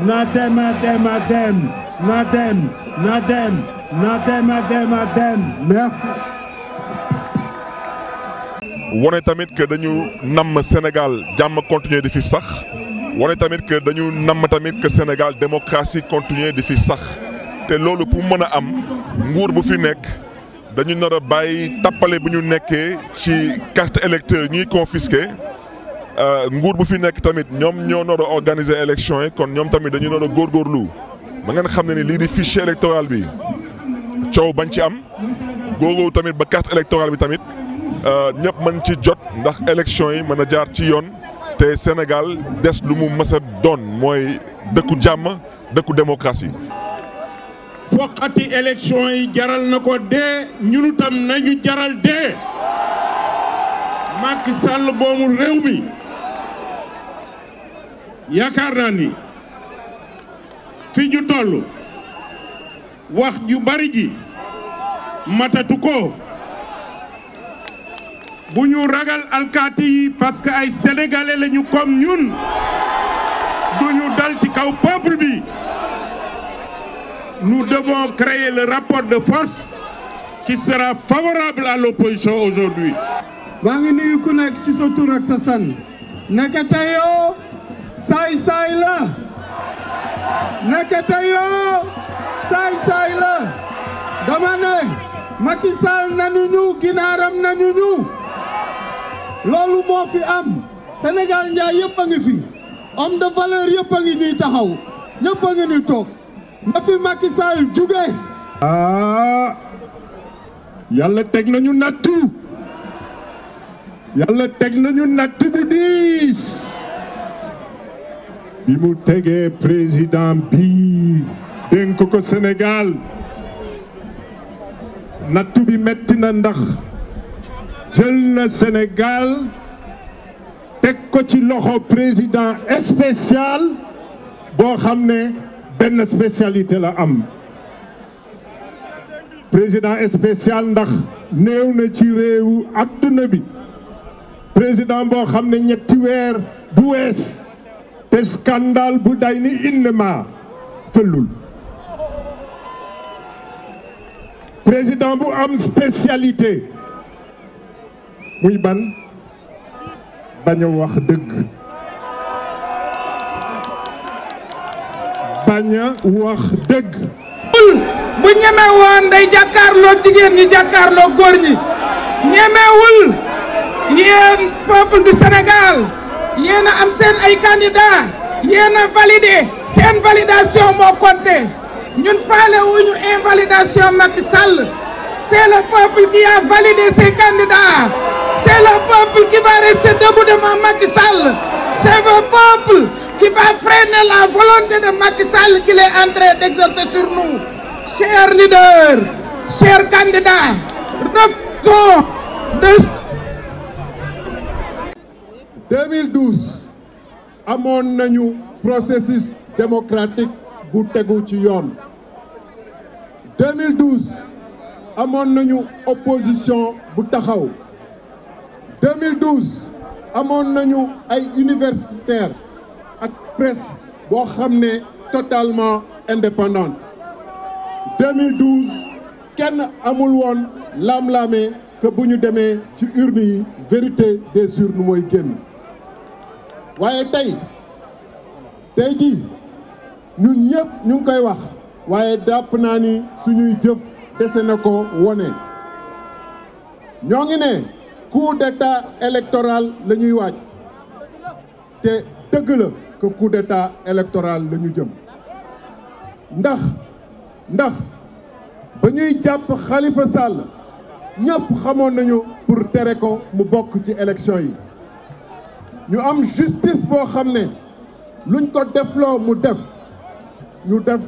Nadem, madame, madame, Nadem, Nadem, Nadem, Merci. que dañu sommes, Sénégal jàmm continuer de fi sax est que dañu que Sénégal démocratie continuer de fi pour am bu fi dañu ci carte électeur confisqué Euh, nguur bu fi nekk tamit ñoom ñoo nar a organiser yi kon ñoom tamit dañu nar a góorgóorlu ba ngeen xam ne ni lii di fichier électoral bi coow bañ ci am góorgóorlu tamit ba carte électorale bi tamit euh, ñëpp mën ci jot ndax élection yi mën a jaar ci yoon te senegal des lu mu mës doon mooy dëkku jàmm dëkku démocratie. foqati élection yi jaral na ko dee ñunu nañu jaral dee Macky Sall boomul réew mi. Yakarani, naa ni fi ñu wax bari ji matatu ko buñu ragal alkati parce que ay sénégalais lañu comme ñun du dal ci kaw peuple nous devons créer le rapport de force qui sera favorable à l'opposition aujourd'hui maa ngi nuyu ku nek ci sa saay-saay la nekkete yoo saay-saay la dama ne Macky nañu ñu ginaaram nañu ñu loolu moo fi am senegal njaay yëpp a ngi fi homme de valeur yëpp a ngi ñuy taxaw ñëpp ngi ñuy toog na fi Macky Sall jóge ah. teg nañu nattu yàlla teg nañu natt bu diis Bimoutege mu président bi Denkoko Sénégal nattu bi metti na ndax na Sénégal teg ko ci loxo président spécial boo xam ben spécialité la am président spécial ndax néew na ci bi président boo xam ne te scandale bu day ni innema fëllul président bu am spécialité muy ban bañ a wax dëgg bañ a wax dëgg bu ñemewoon day jàkkaarloo jigéen ñi jàkkaarloo góor ñi ñemewul yéen peuple du Sénégal y a un candidat, ay candidat y a validé une validation Nous compté ñun faale une invalidation Macky c'est le peuple qui a validé ses candidats c'est le peuple qui va rester debout devant Macky c'est le peuple qui va freiner la volonté de Macky Sall qu'il est en train d'exercer sur nous chers leaders chers candidats refusons de 2012 avons un processus démocratique bu tegu ci nous 2012 une opposition bu taxaw 2012 avons nañu universitaire, universitaires une presse qui totalement indépendante 2012 kenn amul lam que nous devons ci vérité des urnes waaye tey tey ji ñu ñëpp ñu ngi koy wax waaye dàpp naa ni suñuy jëf dese na ko wone ñoo ngi ne coup d'état électoral lañuy ñuy waaj te dëgg la que coup d'état électoral la jëm ndax ndax ba ñuy jàpp xalifa Sall ñëpp xamoon nañu pour tere ko mu bokk ci élection yi Nous am justice pour Nous ne nous ko nous mu def ñu def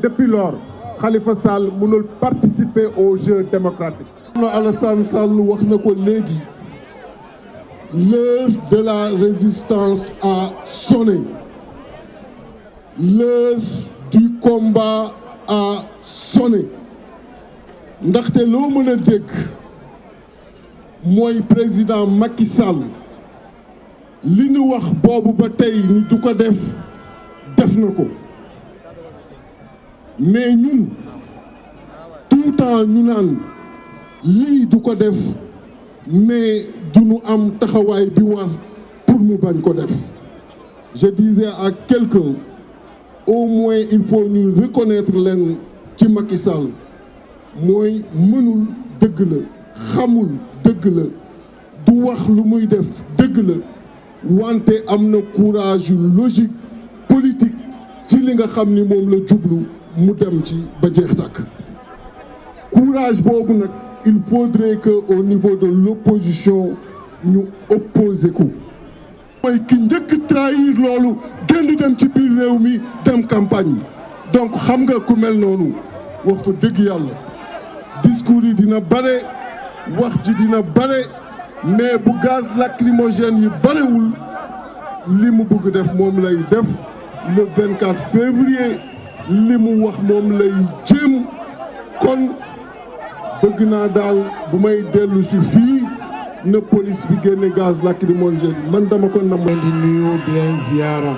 depuis lors Khalifa Sall mënul participer au jeu démocratique. Alassane Sall wax dit l'heure de la résistance a sonné l'heure du combat a sonné Nous loo mën dire dégg président Macky Sall li wax bobu ba ni def mais nous, tout temps ñu def mais am bi war pour nous je disais à quelqu'un au moins il faut nous reconnaître les ci Macky Sall nous mënul deug la xamul deug def wante am na courage logique politique ci li nga xam ni moom la jublu mu dem ci ba jeex tàkk courage boobu nag il faudrait que au niveau de l'opposition ñu opposé ko mooy ki njëkk trahir loolu génn dem ci biir réew mi dem campagne donc xam nga ku mel noonu wax fa dëgg yàlla discours yi dina bare wax ji dina bare mais bu gaz lacrymogène yi barewul li mu bëgg def moom lay def le février li mu wax moom lay jéem kon bëgg naa daal bu may dellu si fii na police bi génne gaz lacrymogène man dama ko nam di nuyu di leen ziyaara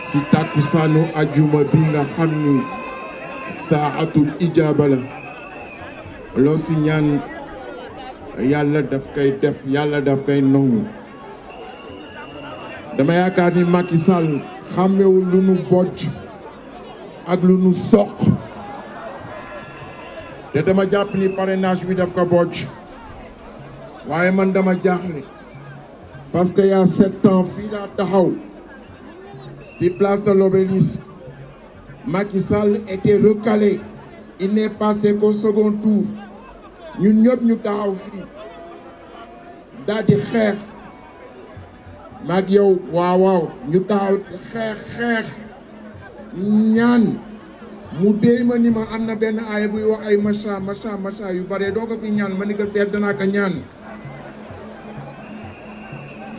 si tàkkusaanu ajuma bi nga xam ni saatul ijaaba la loo ñaan yalla daf kay def yalla daf kay nangu dama yaakaar ni Macky Sall xàmmewu lu nu bojj ak lu nu sokk té dama japp ni parrainage bi daf ko bojj waye man dama jaaxle parce que y'a sept ans fi laa taxaw si place de l'Obélisque Macky Sall était recalé il n'est passé qu'au second tour ñun ñëpp ñu taxaw fii daal di xeex maag yow waaw waaw ñu taxaw xeex xeex ñaan mu déy ma ni ma am na benn aaya buy wax ay macha macha macha yu bare doo ko fi ñaan ma ni ko seet danaa ko ñaan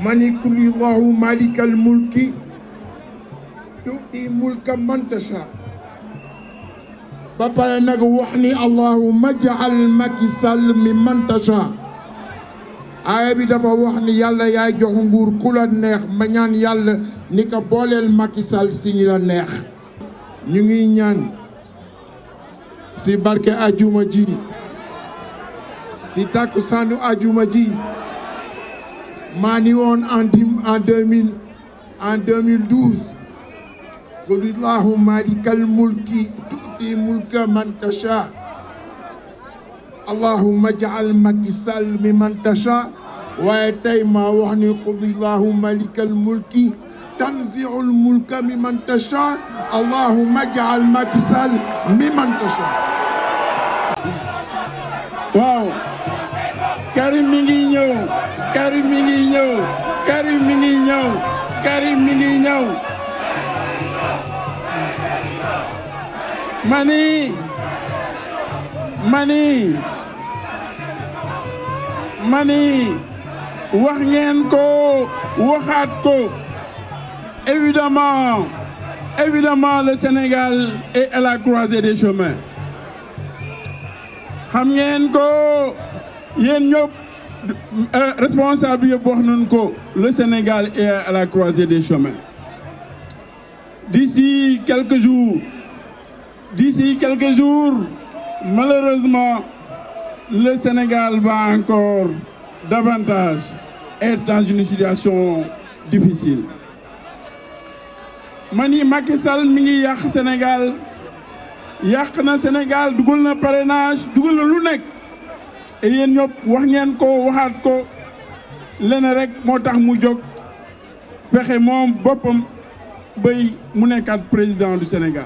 ma ni kulillahu malikal mulki tuuti mulka man tasha ba pare nag wax ni allahumma jaal makisal mimman tasha aaya bi dafa wax ni yàlla yaay jox nguur ku la neex ma ñaan yàlla ni ko si la neex ñu ngi ñaan si barke ajuma ji si takkusaanu ajuma ji maa ni en 2000 en 2012 qul allahumma malikal mulki تؤتي ملك من تشاء اللهم اجعل مكسل ممن تشاء ويتي ما وحني قضي الله ملك الملك تنزع الملك ممن تشاء اللهم اجعل مكسل ممن تشاء واو كريم مينيو كريم مينيو كريم مينيو كريم مينيو mani mani mani wax Wahatko, évidemment évidemment le Sénégal est à la croisée des chemins xam euh, responsable Bornunko, le Sénégal est à la croisée des chemins d'ici quelques jours D'ici quelques jours, malheureusement, le Sénégal va encore davantage être dans une situation difficile. Mani Macky Sall mi Sénégal yàq na Sénégal dugal na parrainage dugal na lu nek et yéen ñop wax ngeen ko waxat ko lenn rek motax mu mu président du Sénégal.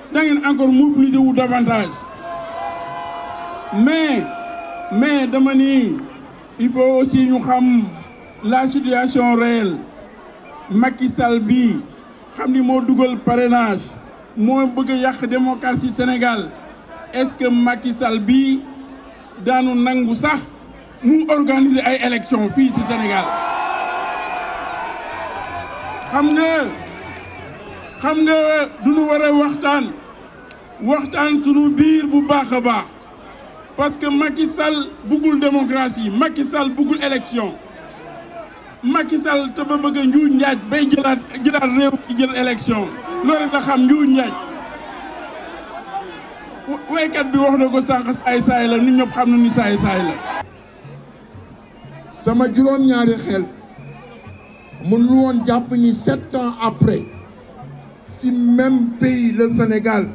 da a encore plus davantage mais mais dama ni il faut aussi nous xam la situation réelle Macky Sall bi xam ni moo dugal parrainage je bëgg a la démocratie Sénégal est-ce que Macky Sall bi nos nangu sax mu organiser ay élections ici ci Sénégal xam nga xam nga nous war a waxtan sunu biir bu baax a baax parce que Macky Sall bëggul démocratie Macky Sall bëggul élection Macky Sall te ba bëgg ñu njuuj njaaj bay jëlaat jëlaat réew ci jël élection loolu la xam ñu njuuj way waykat bi wax na ko sank say say la nit ñëpp xam ni say say la sama juroom ñaari xel mën lu woon jàpp ni 7 ans après si même pays le Sénégal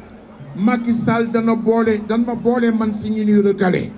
Macky Sall dana boole dan ma boole man si ñu ñuy recalé